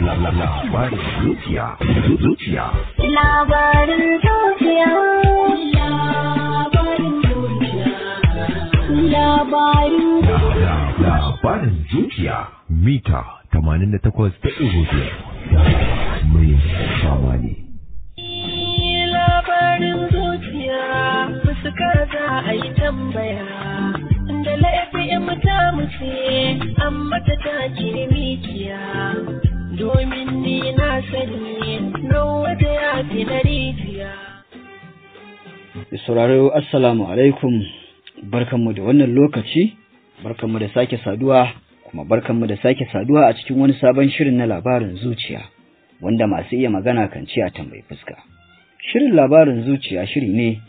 Labarin zuciya, zuciya. Labarin zuciya. Labarin zuciya. Labarin zuciya. Labarin zuciya. Mita tamanin da takwas da ɗigo biyar. Mai fama ne. Labarin zuciya, fuskar za a yi tambaya. mu ta amma ta take mikiya domin ni na sani nawa da ya fi na rijiya. Sauraro Assalamu alaikum barkanmu da wannan lokaci barkanmu da sake saduwa kuma barkanmu da sake saduwa a cikin wani sabon shirin na labarin zuciya wanda masu iya magana kan ci a tambayi fuska. Shirin labarin zuciya shiri ne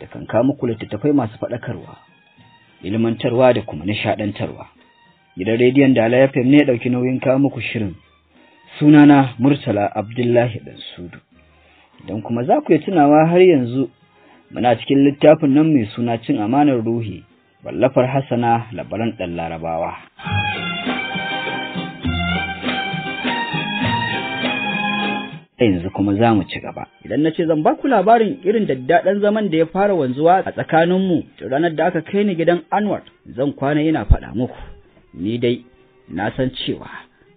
da kan kawo muku littattafai masu faɗakarwa ilimantarwa da kuma nishadantarwa gidan rediyon da Alaya FM ne ɗauki nauyin kawo muku shirin sunana Murtala Abdullahi dan Sudu idan kuma za ku yi tunawa har yanzu muna cikin littafin nan mai suna cin amanar ruhi wallafar Hassana labaran ɗan Larabawa yanzu kuma za mu ci gaba. Idan na ce zan baku labarin irin daddaɗen zaman da ya fara wanzuwa a tsakaninmu da ranar da aka kai ni gidan Anwar zan kwana ina faɗa muku. Ni dai na san cewa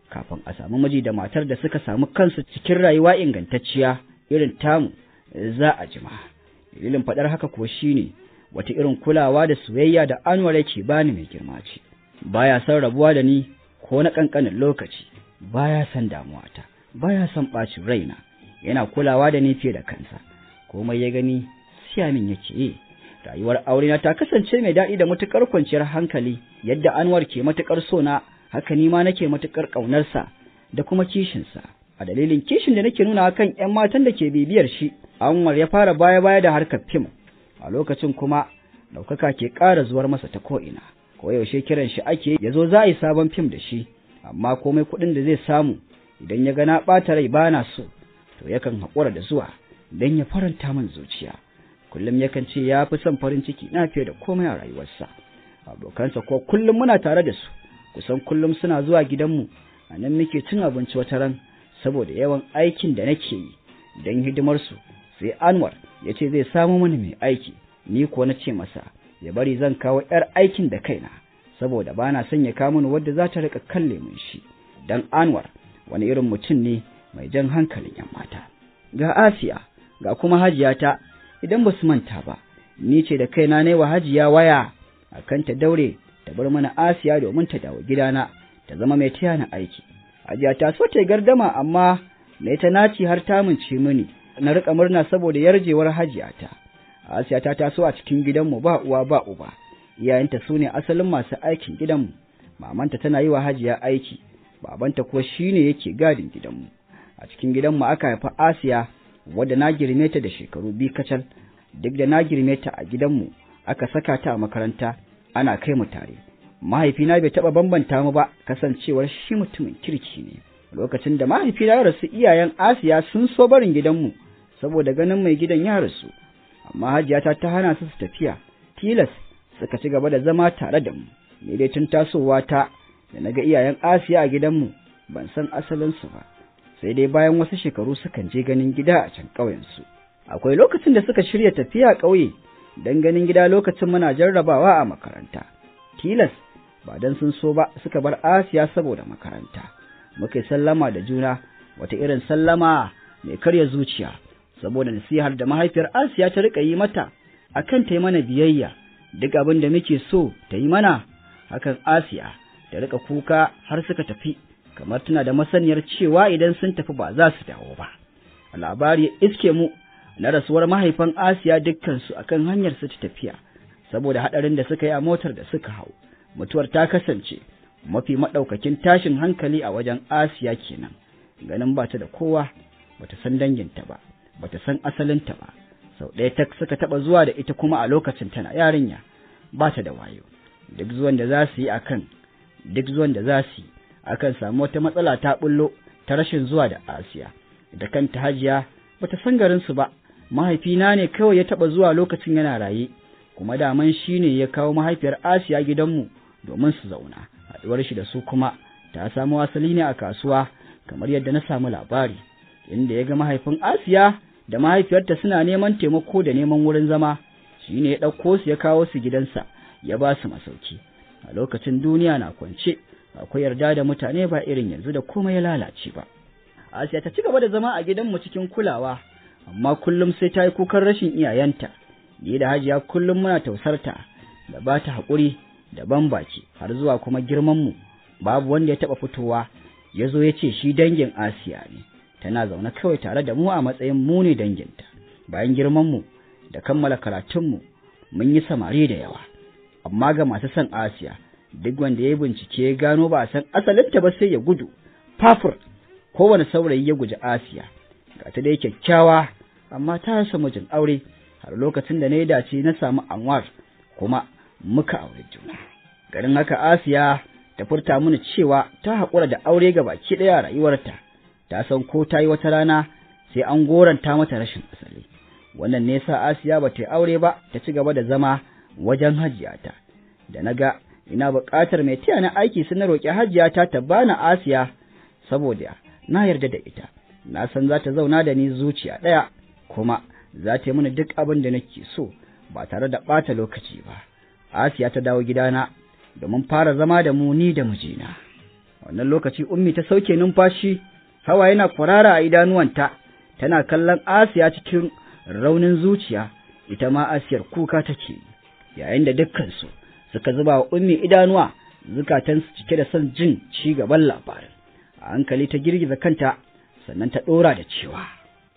kafin a samu miji da matar da suka samu kansu cikin rayuwa ingantacciya irin tamu za a jima. Dalilin faɗar haka kuwa ne wata irin kulawa da soyayya da Anwar yake bani mai girma ce. Baya son rabuwa da ni ko na ƙanƙanin lokaci, baya son damuwata. baya son ɓacin raina yana kulawa da ni fiye da kansa komai ya gani siya min yake yi eh, rayuwar aurena ta kasance mai daɗi da matuƙar kwanciyar hankali yadda anwar ke matuƙar sona haka nima ma nake matuƙar ƙaunarsa da kuma kishinsa a dalilin kishin da nake nuna kan 'yan matan da ke bibiyar shi anwar ya fara baya baya da harkar fim a lokacin kuma ɗaukaka ke ƙara zuwar masa ta ko'ina koyaushe kiran shi ake ya zo za a yi sabon fim da shi amma komai kuɗin da zai samu idan ya ga na ɓata rai bana so to yakan haƙura da zuwa don ya faranta min zuciya kullum yakan ce ya fi son farin ciki na fiye da komai a rayuwarsa abokansa ko kullum muna tare da su kusan kullum suna zuwa gidanmu a nan muke cin abinci wata ran saboda yawan aikin da nake yi don hidimarsu sai anwar ya ce zai samo mini mai aiki ni ko na ce masa ya bari zan kawo 'yar aikin da kaina saboda ba na son ya kawo min wadda za ta riƙa kalle min shi don anwar wani irin mutum ne mai jan hankalin ‘yan mata. Ga Asiya, ga kuma hajiyata, idan ba su manta ba, ni ce da kaina ne wa hajiya waya a kan ta daure ta bar mana Asiya domin ta dawo gidana, ta zama mai taya na aiki. Hajiya ta so ta yi gardama amma mai ta naci har ta mince mini, na riƙa murna saboda yarjewar hajiyata. Asiya ta taso a cikin gidanmu ba uwa ba uba, iyayenta su ne asalin masu aikin gidanmu, mamanta tana yi wa hajiya aiki. babanta kuwa ne yake gadin gidanmu a cikin gidanmu aka haifi Asiya wadda na girme ta da shekaru biyu kacal duk da na girme ta a gidanmu aka saka ta a makaranta ana kai mu tare mahaifina bai taɓa bambanta mu ba kasancewar shi mutumin kirki ne lokacin da mahaifina ya rasu iyayen Asiya sun so barin gidanmu saboda ganin mai gidan ya rasu amma hajiyata ta hana su su tafiya tilas suka ci gaba da zama tare da mu ni dai tun tasowa ta da na ga iyayen Asiya a gidanmu ban san asalinsu ba, sai dai bayan wasu shekaru sukan je ganin gida a can ƙauyensu. Akwai lokacin da suka shirya tafiya ƙauye don ganin gida lokacin muna jarrabawa a makaranta. Tilas ba don sun so ba suka bar Asiya saboda makaranta. Muka sallama da juna wata irin sallama mai karya zuciya saboda nasihar da mahaifiyar Asiya ta riƙa yi mata akan ta yi mana biyayya duk abin da muke so ta yi mana hakan Asiya da rika kuka har suka tafi kamar tana da masaniyar cewa idan sun tafi ba za su dawo ba a labari iske mu na rasuwar mahaifan asiya dukkansu akan hanyar su tafiya saboda haɗarin da suka yi a motar da suka hau mutuwar ta kasance mafi maɗaukakin tashin hankali a wajen asiya kenan ganin ba ta da kowa ba ta san danginta ba ba ta san asalinta ba sau ɗaya ta suka taɓa zuwa da ita kuma a lokacin tana yarinya ba ta da wayo duk zuwan da za su yi a kan duk zuwan da za su yi akan samu wata matsala ta bullo ta rashin zuwa da asiya da kanta hajiya bata san garinsu ba mahaifina ne kawai ya taɓa zuwa lokacin yana raye kuma daman shi ne ya kawo mahaifiyar asiya gidanmu domin su zauna haɗuwar shi da su kuma ta samu asali ne a kasuwa kamar yadda na samu labari inda ya ga mahaifin asiya da mahaifiyarta suna neman taimako da neman wurin zama shi ne ya ɗauko su ya kawo su gidansa ya ba su masauki a lokacin duniya na kwance akwai yarda da mutane ba irin yanzu da komai ya lalace ba Asiya ta ci gaba da zama a gidanmu cikin kulawa amma kullum sai ta yi kukan rashin iyayenta ni da hajiya kullum muna tausarta da ba ta haƙuri da bambaci har zuwa kuma girmanmu babu wanda ya taɓa fitowa ya zo ya ce shi dangin Asiya ne tana zaune kawai tare da mu a matsayin mu ne danginta bayan girmanmu da kammala karatunmu mun yi samari da yawa amma ga masu son Asiya duk wanda ya bincike ya gano ba a san asalinta ba sai ya gudu fafur kowane saurayi ya guji Asiya ga ta dai kyakkyawa amma ta rasa mijin aure har lokacin da na yi dace na samu Anwar kuma muka aure juna garin haka Asiya ta furta mini cewa ta haƙura da aure ga baki ɗaya rayuwarta ta san ko ta yi wata rana sai an goranta mata rashin asali wannan ne sa Asiya ba ta aure ba ta ci gaba da zama wajen hajiyata da na ga ina buƙatar mai taya na aiki sun na roƙi hajjiyata ta bani asiya saboda na yarda da ita na san za ta zauna da ni zuciya ɗaya kuma za ta yi mini duk abin da nake so ba tare da ɓata lokaci ba asiya ta dawo gidana domin fara zama da mu ni da mijina wannan lokaci ummi ta sauke numfashi hawa yana kwarara a idanuwanta tana kallon asiya cikin raunin zuciya ita ma asiyar kuka take yi yayin da dukkansu suka zuba wa ummi idanuwa zukatansu cike da son jin ci gaban labarin a hankali ta girgiza kanta sannan ta ɗora da cewa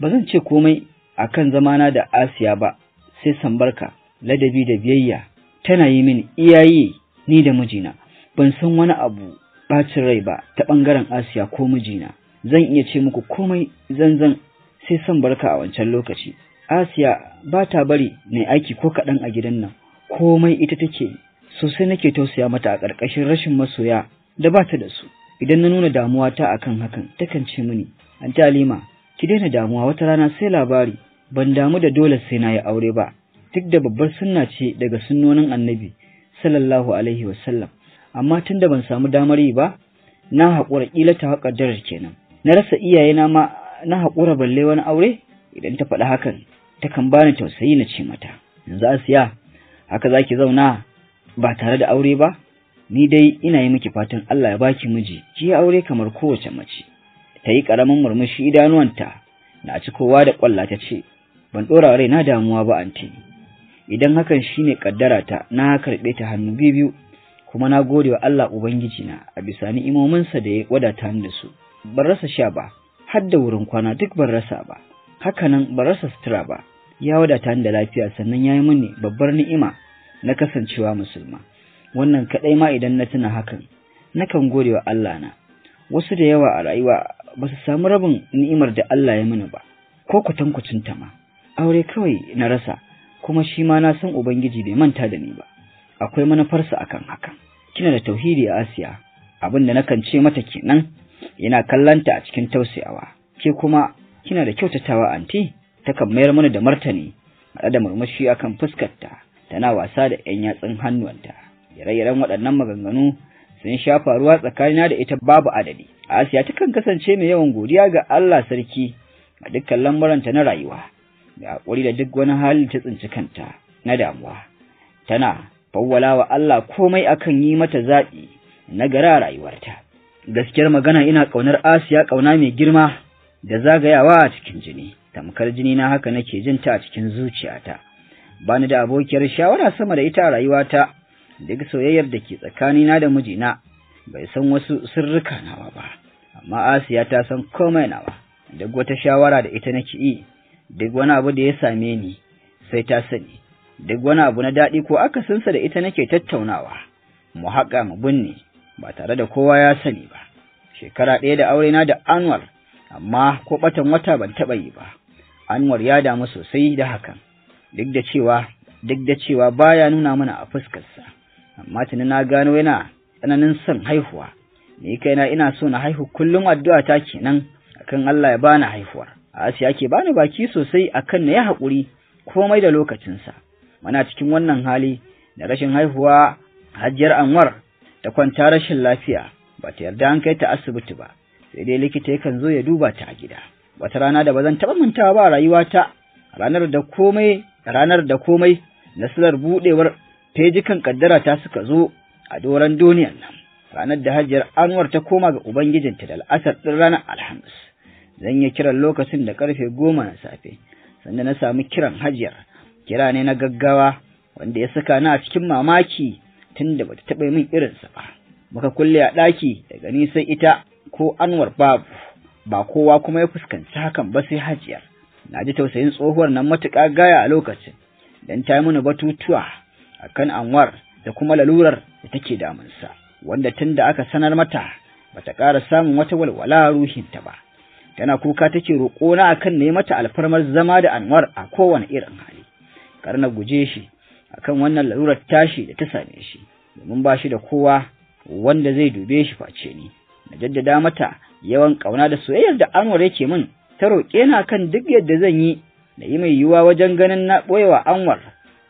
ba zan ce komai a akan zamana da asiya ba sai barka. ladabi da biyayya tana yi min iyaye ni da mijina ban san wani abu bacin rai ba ta ɓangaren asiya ko mijina zan iya ce muku komai zanzan sai son barka a wancan lokaci asiya ba ta bari mai aiki ko kaɗan a gidan nan komai ita take sosai nake tausaya mata a ƙarƙashin rashin masoya da ba ta da su idan na nuna damuwa ta akan hakan takan ce mini anti alima ki daina damuwa wata rana sai labari ban damu da dole sai na yi aure ba duk da babbar sunna ce daga sunnonin annabi sallallahu alaihi wasallam amma tun da ban samu damar yi ba na haƙura ƙila ta haƙa darar kenan na rasa iyayena ma na haƙura balle wani aure idan ta faɗi hakan takan bani tausayi na ce mata yanzu asiya haka zaki zauna ba tare da aure ba ni dai ina yi miki fatan Allah ya baki miji ki aure kamar kowace mace ta yi karamin murmushi idanuwanta na ci kowa da kwalla ta ce ban dora rai na damuwa ba anti idan hakan shine kaddara ta na karbe ta hannu biyu kuma na gode wa Allah ubangiji na a bisa imominsa da ya wadata ni da su ban rasa sha ba har da wurin kwana duk ban rasa ba hakanan ban rasa sutura ba ya wadata ni da lafiya sannan ya yi mini babbar ni'ima na kasancewa musulma wannan kaɗai ma idan na tuna hakan nakan gode wa Allah na wasu da yawa a rayuwa ba su samu rabin ni'imar da Allah ya mini ba ko kwatankwacin ta ma aure kawai na rasa kuma shi ma na san ubangiji bai manta da ni ba akwai manufarsa akan haka kina da tauhidi a Asiya abin da nakan ce mata kenan yana kallanta a cikin tausayawa ke kuma kina da kyautatawa anti takan mayar mana da martani haɗa da murmushi akan fuskarta tana wasa da 'yan yatsun hannuwanta ire-iren waɗannan maganganu sun sha faruwa tsakanina da ita babu adadi Asiya takan kasance mai yawan godiya ga Allah sarki a dukkan lamuranta na rayuwa da haƙuri da duk wani hali ta tsinci kanta na damuwa tana fawwala wa Allah komai akan yi mata zaɓi na gara rayuwarta gaskiyar magana ina ƙaunar Asiya ƙauna mai girma da zagayawa a cikin jini tamkar jini na haka nake jin ta a cikin zuciyata bani da abokiyar shawara sama da ita a rayuwata duk soyayyar da ke tsakanina da mijina bai san wasu sirrika nawa ba amma Asiya ta san komai nawa duk wata shawara da ita nake yi duk wani abu da ya same ni sai ta sani duk wani abu na daɗi ko akasinsa da ita nake tattaunawa mu haƙa mu binne ba tare da kowa ya sani ba shekara ɗaya da aure na da Anwar amma ko batan wata ban taɓa yi ba Anwar ya damu sosai da hakan, duk da cewa duk da cewa baya nuna mana a fuskarsa, amma tuni na gano yana tsananin son haihuwa, ni kaina ina so na haihu kullum addu'a ta kenan akan Allah ya bani haihuwar. Asiya ke bani baki sosai akan na ya haƙuri komai da lokacinsa. mana cikin wannan hali da rashin haihuwa Hajjar Anwar ta kwanta rashin lafiya ba ta yarda an kai ta asibiti ba, sai dai likita yakan zo ya duba ta a gida. wata rana da zan taɓa mantawa ba rayuwata ranar da komai ranar da komai nasarar buɗewar fejikan ƙaddara ta suka zo a doron duniyar nan ranar da hajiyar anwar ta koma ga ubangijinta da al'asar ɗin ranar alhamis zan yi kiran lokacin da karfe goma na safe sannan na samu kiran hajiyar kira ne na gaggawa wanda ya saka na cikin mamaki tunda da bata taɓa min irinsa ba muka kulle a ɗaki daga ni sai ita ko anwar babu ba kowa kuma ya fuskanci hakan ba sai hajiyar na ji tausayin tsohuwar nan matuƙa gaya a lokacin don ta yi mini batutuwa a kan anwar da kuma lalurar da take damunsa wanda tun da aka sanar mata ba ta ƙara samun wata walwala ruhinta ba tana kuka take roƙona akan ne mata alfarmar zama da anwar a kowane irin hali kar na guje shi akan wannan lalurar tashi da ta same shi domin ba shi da kowa wanda zai dube shi face ni na jaddada mata yawan ƙauna da soyayyar da Anwar yake min ta roƙe na kan duk yadda zan yi na yi mai yiwuwa wajen ganin na ɓoyewa Anwar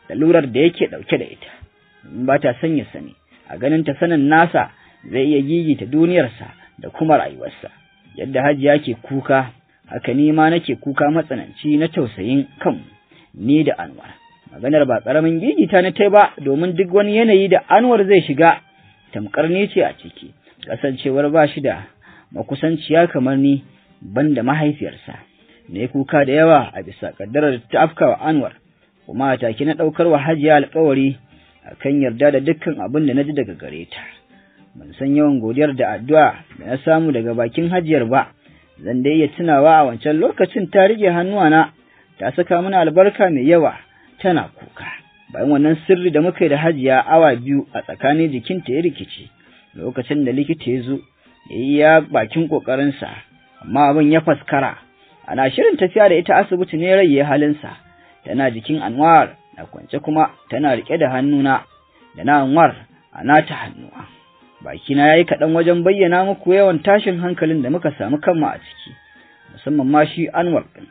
lalurar da yake ɗauke da ita ba ta sanya sani a ganin ta sanin nasa zai iya gigita duniyarsa da kuma rayuwarsa yadda hajiya ke kuka haka ni ma nake kuka matsananci na tausayin kanmu ni da Anwar maganar ba ƙaramin gigita na ta ba domin duk wani yanayi da Anwar zai shiga tamkar ni ce a ciki kasancewar ba shi da makusanciya kamar ni banda mahaifiyarsa ne kuka da yawa a bisa kaddarar ta afkawa anwar kuma a take na ɗaukar wa hajiya alkawari a kan yarda da dukkan abin da na ji daga gare ta ban san yawan godiyar da addu'a da na samu daga bakin hajiyar ba zan dai iya tunawa a wancan lokacin ta rige hannuwana ta saka mana albarka mai yawa tana kuka bayan wannan sirri da muka yi da hajiya awa biyu a tsakanin jikinta ya rikice. lokacin da likita ya zo ya yi ya bakin ƙoƙarinsa amma abin ya faskara ana shirin tafiya da ita asibiti ne rai ya halinsa tana jikin anwar na kwance kuma tana rike da hannuna da na anwar a nata hannuwa bakina ya yi kaɗan wajen bayyana muku yawan tashin hankalin da muka samu kanmu a ciki musamman ma shi anwar ɗin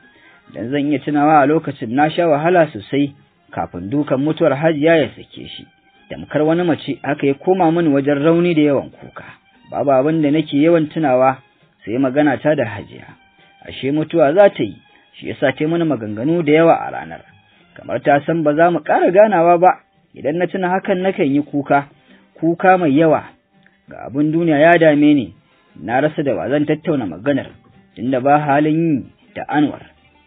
dan zan iya tunawa a lokacin na sha wahala sosai kafin dukan mutuwar hajiya ya sake shi Damkar wani mace haka ya koma mini wajen rauni da yawan kuka babu abin da nake yawan tunawa sai magana ta da hajiya ashe mutuwa za ta yi shi yasa ta mana maganganu da yawa a ranar kamar ta san ba za mu ƙara ganawa ba idan na tuna hakan nakan yi kuka kuka mai yawa ga abin duniya ya dame ni na rasa da ba zan tattauna maganar tunda ba halin yi da anwar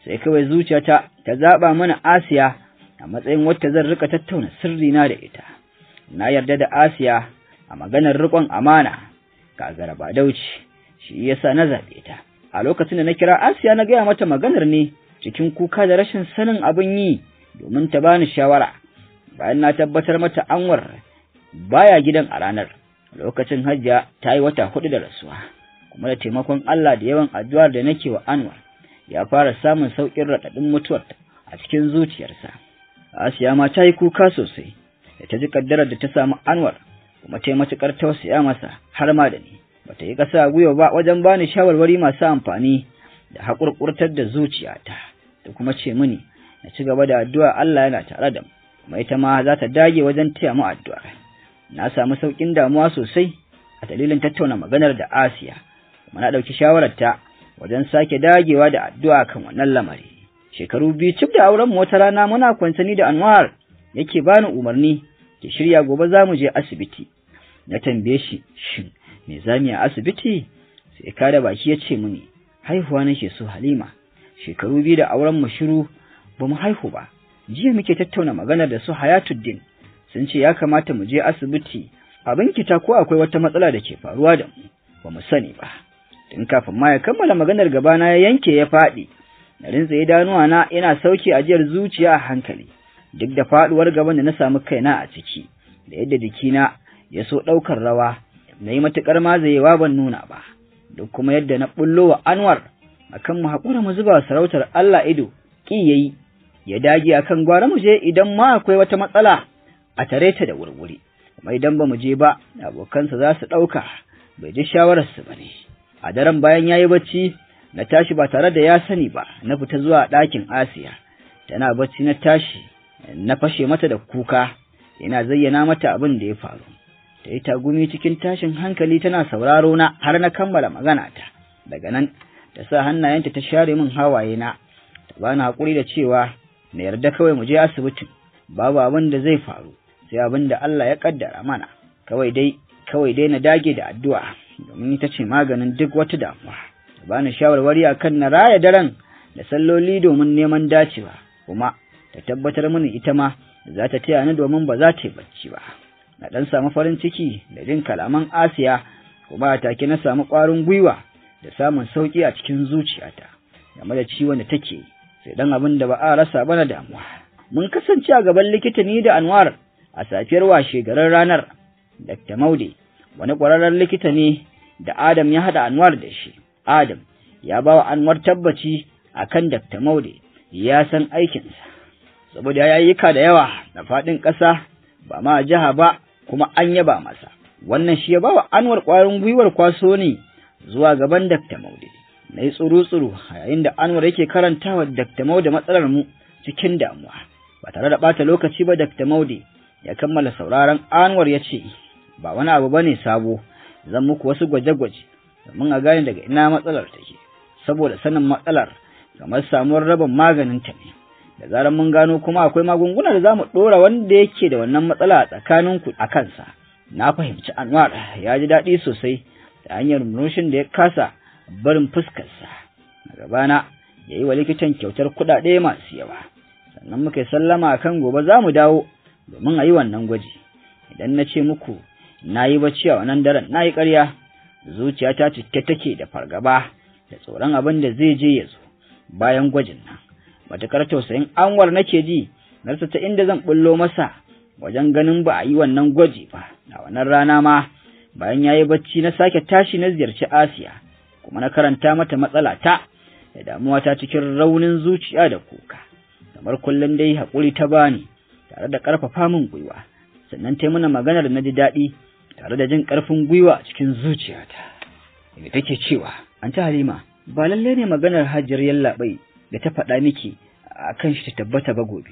sai kawai zuciyata ta zaɓa mana asiya a matsayin wata zan rika tattauna sirrina da ita na yarda da Asiya a maganar riƙon amana, gara ba dauci, shi yasa na zaɓe ta. A lokacin da na kira Asiya na gaya mata maganar ne cikin kuka da rashin sanin abin yi domin ta bani shawara, bayan na tabbatar mata anwar baya gidan a ranar. Lokacin hajja ta yi wata hudu da rasuwa, kuma da taimakon Allah da yawan addu'ar da nake wa Anwar, ya fara samun sauƙin raɗaɗin mutuwar a cikin zuciyarsa. Asiya ma ta yi kuka sosai, da ta ji kaddarar da ta samu Anwar kuma ta yi matukar tausaya masa har ma da ni Ba bata yi ƙasa gwiwa ba wajen bani shawarwari masu amfani da haƙurƙurtar da zuciyata da kuma ce mini na ci gaba da addu'a Allah yana tare da mu kuma ita ma za ta dage wajen taya mu addu'a na samu sauƙin damuwa sosai a dalilin tattauna maganar da Asiya kuma na ɗauki shawararta wajen sake dagewa da addu'a kan wannan lamari shekaru biyu cif da auren mu wata rana muna kwansani da Anwar yake bani umarni ki shirya gobe za mu je asibiti na tambaye shi shin me za mu yi asibiti sai ka da baki ya ce mini haihuwa nake so halima shekaru biyu da auren mu shiru ba mu haihu ba jiya muke tattauna maganar da su hayatuddin sun ce ya kamata mu je asibiti abin ki ta ko akwai wata matsala da ke faruwa da mu ba mu sani ba tun kafin ma ya kammala maganar gabana ya yanke ya faɗi na rinzaye idanuwa na ina sauki ajiyar zuciya a hankali duk da faɗuwar gaban da na samu kaina a ciki da yadda jikina ya so ɗaukar rawa na yi matuƙar mazayewa ban nuna ba Duk kuma yadda na ɓullo wa anwar akan mu haƙura mu zuba sarautar Allah ido ƙi yayi ya dage akan gwara mu je idan ma akwai wata matsala a tare ta da wurwuri kuma idan ba mu je ba abokansa za su ɗauka bai ji shawararsu ba ne a daren bayan ya yi bacci na tashi ba tare da ya sani ba na fita zuwa ɗakin asiya tana bacci na tashi na fashe mata da kuka ina zayyana mata abin da ya faru ta yi tagumi cikin tashin hankali tana sauraro na har na kammala magana ta daga nan ta sa hannayenta ta share min hawaye na ta bani hakuri da cewa na yarda kawai mu je asibitin babu abin da zai faru sai abin da Allah ya kaddara mana kawai dai kawai dai na dage da addu'a domin ita ce maganin duk wata damuwa ta bani shawarwari akan na raya daren da salloli domin neman dacewa kuma ta tabbatar mini ita ma za ta taya ni domin ba za ta yi bacci ba na ɗan samu farin ciki da jin kalaman Asiya kuma a take na samu ƙwarin gwiwa da samun sauƙi a cikin zuciyata game da ciwon da take sai dan abin da ba a rasa ba na damuwa mun kasance a gaban likita ni da Anwar a safiyar washe ranar Dr. Maude wani ƙwararren likita ne da Adam ya haɗa Anwar da shi Adam ya ba wa Anwar tabbaci akan Dr. Maude ya san aikinsa saboda ya yi da yawa da faɗin ƙasa ba ma jiha ba kuma an yaba masa wannan shi ya bawa anwar ƙwarin gwiwar kwaso ne zuwa gaban Dr. Maude na yi tsuru-tsuru yayin da anwar yake karantawa Dr. Maude matsalar mu cikin damuwa ba tare da ɓata lokaci ba Dr. Maude ya kammala sauraron anwar ya ce ba wani abu ba ne sabo zan muku wasu gwaje-gwaje domin a gane daga ina matsalar take saboda sanin matsalar kamar samuwar rabin maganin ta ne da zarar mun gano kuma akwai magunguna da za mu ɗora wanda yake da wannan matsala tsakaninku a kansa na fahimci anwar ya ji daɗi sosai da hanyar murmushin da ya kasa barin fuskarsa a gabana ya yi wa likitan kyautar kuɗaɗe masu yawa sannan muka yi sallama akan gobe za mu dawo domin a yi wannan gwaji idan na ce muku na yi bacci a wannan daren na yi ƙarya zuciyata cike take da fargaba da tsoron abin da zai je ya zo bayan gwajin nan matakar tausayin anwar nake ji na ta inda zan bullo masa wajen ganin ba a yi wannan gwaji ba a wannan rana ma bayan ya yi bacci na sake tashi na ziyarci asiya kuma na karanta mata matsala ta da damuwa ta cikin raunin zuciya da kuka kamar kullum dai haƙuri ta bani tare da ƙarfafa min gwiwa sannan ta mana maganar na ji daɗi tare da jin ƙarfin gwiwa cikin zuciyata me take cewa an ta halima ba lallai ne maganar Hajjiyar yallaɓai da ta faɗa miki a kan shi ta tabbata ba gobe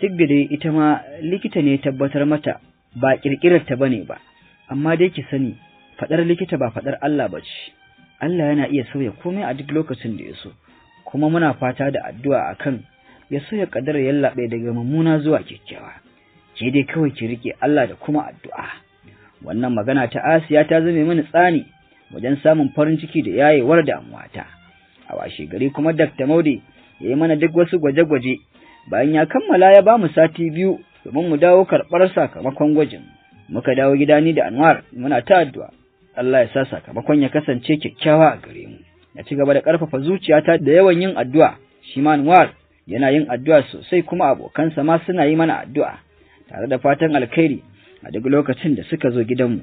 duk ita ma likita ne tabbatar mata ba ƙirƙirar ta bane ba amma dai ki sani faɗar likita ba faɗar Allah ba ce Allah yana iya sauya komai a duk lokacin da ya so kuma muna fata da addu'a akan ya sauya kadar yallaɓe daga mummuna zuwa kyakkyawa ke dai kawai ki riƙe Allah da kuma addu'a wannan magana ta Asiya ta zame mani tsani wajen samun farin ciki da yayewar damuwata. a washe gari kuma Dr. Maude ya yi mana duk wasu gwaje-gwaje bayan ya kammala ya ba mu sati biyu domin mu dawo karɓar sakamakon gwajin muka dawo gida ni da Anwar muna ta addu'a Allah ya sa sakamakon ya kasance kyakkyawa a gare mu na ci gaba da ƙarfafa zuciyata da yawan yin addu'a shi ma Anwar yana yin addu'a sosai kuma abokansa ma suna yi mana addu'a tare da fatan alkhairi a duk lokacin da suka zo gidanmu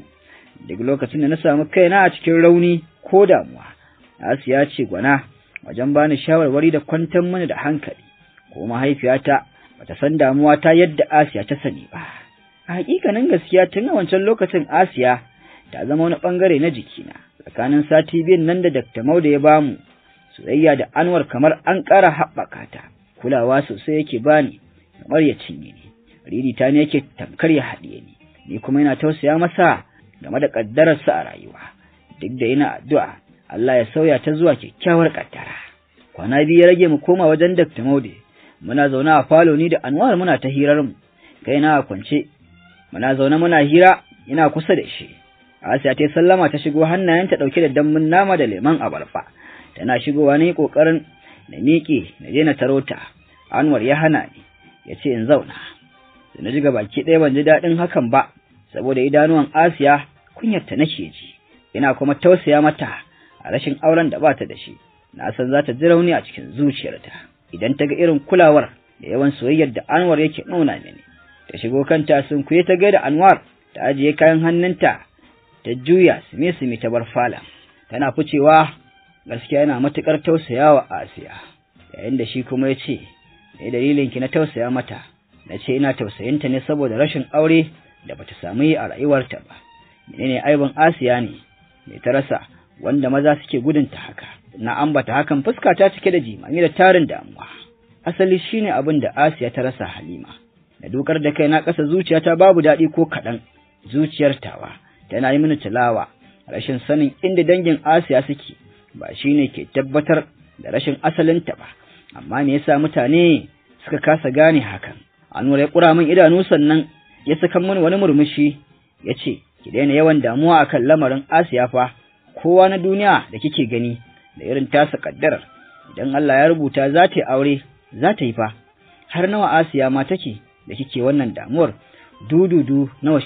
duk lokacin da na samu kaina a cikin rauni ko damuwa Asiya ce gwana wajen bani shawarwari da kwantar mana da hankali ko mahaifiyata bata san damuwa ta yadda Asiya ta sani ba a hakikanin gaskiya tun a wancan lokacin Asiya ta zama wani bangare na jikina tsakanin sati biyun nan da Dr. Mauda ya bamu soyayya da Anwar kamar an ƙara haɓaka ta kulawa sosai yake bani kamar ya cinye ni riri ta ne yake tamkar ya haɗiye ni ni kuma yana tausaya masa game da ƙaddararsa a rayuwa duk da ina addu'a Allah ya sauya ta zuwa kyakkyawar kattara. kwana biyu ya rage mu koma wajen Dr. Maude muna zaune a falo ni da Anwar muna ta hirar mu kai na kwance muna zaune muna hira ina kusa da shi Asiya ta sallama ta shigo hannayenta ɗauke da dambun nama da lemon abarfa tana shigowa ni ƙoƙarin na miƙe na je na tarota Anwar ya hana ni ya ce in zauna da na ji baki ɗaya ban ji daɗin hakan ba saboda idanuwan Asiya kunyarta nake ji ina kuma tausaya mata a rashin auren da bata da shi na san za ta ji rauni a cikin zuciyarta idan ta ga irin kulawar da yawan soyayyar da Anwar yake nuna mini ta shigo kanta sun kuye ta ga da Anwar ta ajiye kayan hannunta ta juya sume sume ta bar fala tana ficewa gaskiya yana matukar tausayawa Asiya yayin da shi kuma ya ce me dalilin ki na tausaya mata na ce ina tausayinta ne saboda rashin aure da bata samu yi a rayuwarta ba menene aibin Asiya ne me ta rasa wanda maza suke gudunta haka na ambata hakan fuska ta cike da jimami da tarin damuwa asali shine abin da Asiya ta rasa Halima da dokar da kai na ƙasa ta babu dadi ko kadan. zuciyar tawa tana yi mini tilawa rashin sanin inda dangin Asiya suke ba shine ke tabbatar da rashin asalin ta ba amma me yasa mutane suka kasa gane hakan Anwar ya kura min idanu sannan ya saka min wani murmushi ya ce ki daina yawan damuwa akan lamarin Asiya fa kowa na duniya da kike gani da irin tasa kaddarar idan Allah ya rubuta za ta yi aure za ta yi fa har nawa Asiya ma take da kike wannan damuwar dududu nawa ta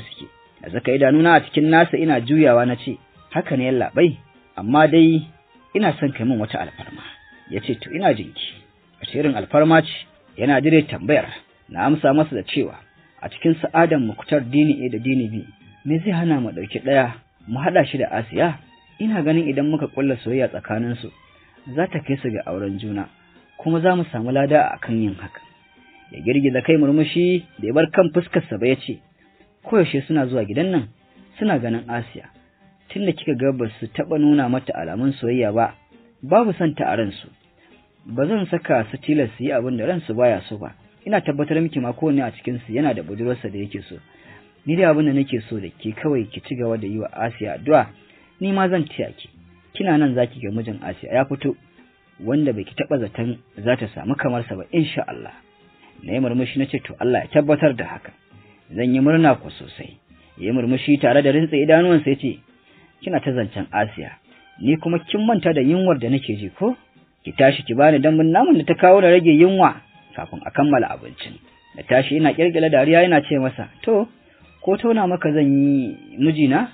suke da zaka idanuna a cikin nasa ina juyawa na ce haka ne yalla bai amma dai ina son kai min wata alfarma yace to ina jinki a irin alfarma ce yana dire tambayar na amsa masa da cewa a cikin sa'adan muktar dini A da dini B me zai hana mu dauki daya mu haɗa shi da Asiya ina ganin idan muka ƙulla soyayya tsakanin su za ta kai su ga auren juna kuma za mu samu lada a kan yin haka ya girgiza kai murmushi da ya bar kan fuskarsa ba ya ce koyaushe suna zuwa gidan nan suna ganin Asiya tunda kika ga su taɓa nuna mata alamun soyayya ba babu son ta a ransu ba zan saka su tilas su yi abin da ransu baya so ba ina tabbatar miki ma kowanne a cikin su yana da budurwarsa da yake so ni da abin da nake so da ke kawai ki ci gaba da yi wa Asiya addu'a ni ma zan tiya ki kina nan zaki ga mijin Asiya ya fito wanda ki taba zaton za ta samu kamar sa ba insha Allah na yi murmushi na ce to Allah ya tabbatar da haka zan yi murna ku sosai ya yi murmushi tare da rintsa idanuwansa ya ce kina ta zancen Asiya ni kuma kin manta da yunwar da nake ji ko ki tashi ki bani dambun namun da ta kawo da rage yunwa kafin a kammala abincin da tashi ina kirkira dariya yana ce masa to ko tauna maka zan yi mijina?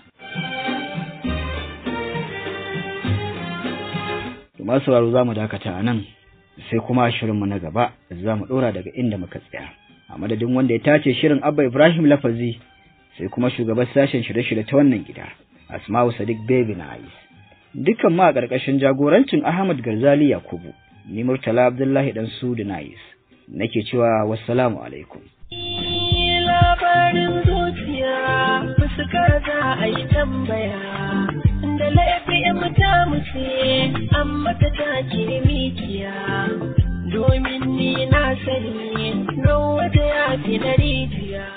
Masu sauraro za mu dakata a nan sai kuma shirinmu na gaba za mu ɗora daga inda muka tsaya. A madadin wanda ya tace shirin Abba Ibrahim Lafazi sai kuma shugaban sashen shirye-shirye ta wannan gida, Asma'u Sadiq baby na Ais. Dukkan ma a ƙarƙashin jagorancin Ahmad Garzali Yakubu, ni Murtala Abdullahi Ɗansu da Nais. Nake cewa wassalamu alaikum. a yi tambaya da laifi ta mutu amma ta take mikiya domin ni na sani wata ya yafi na rijiya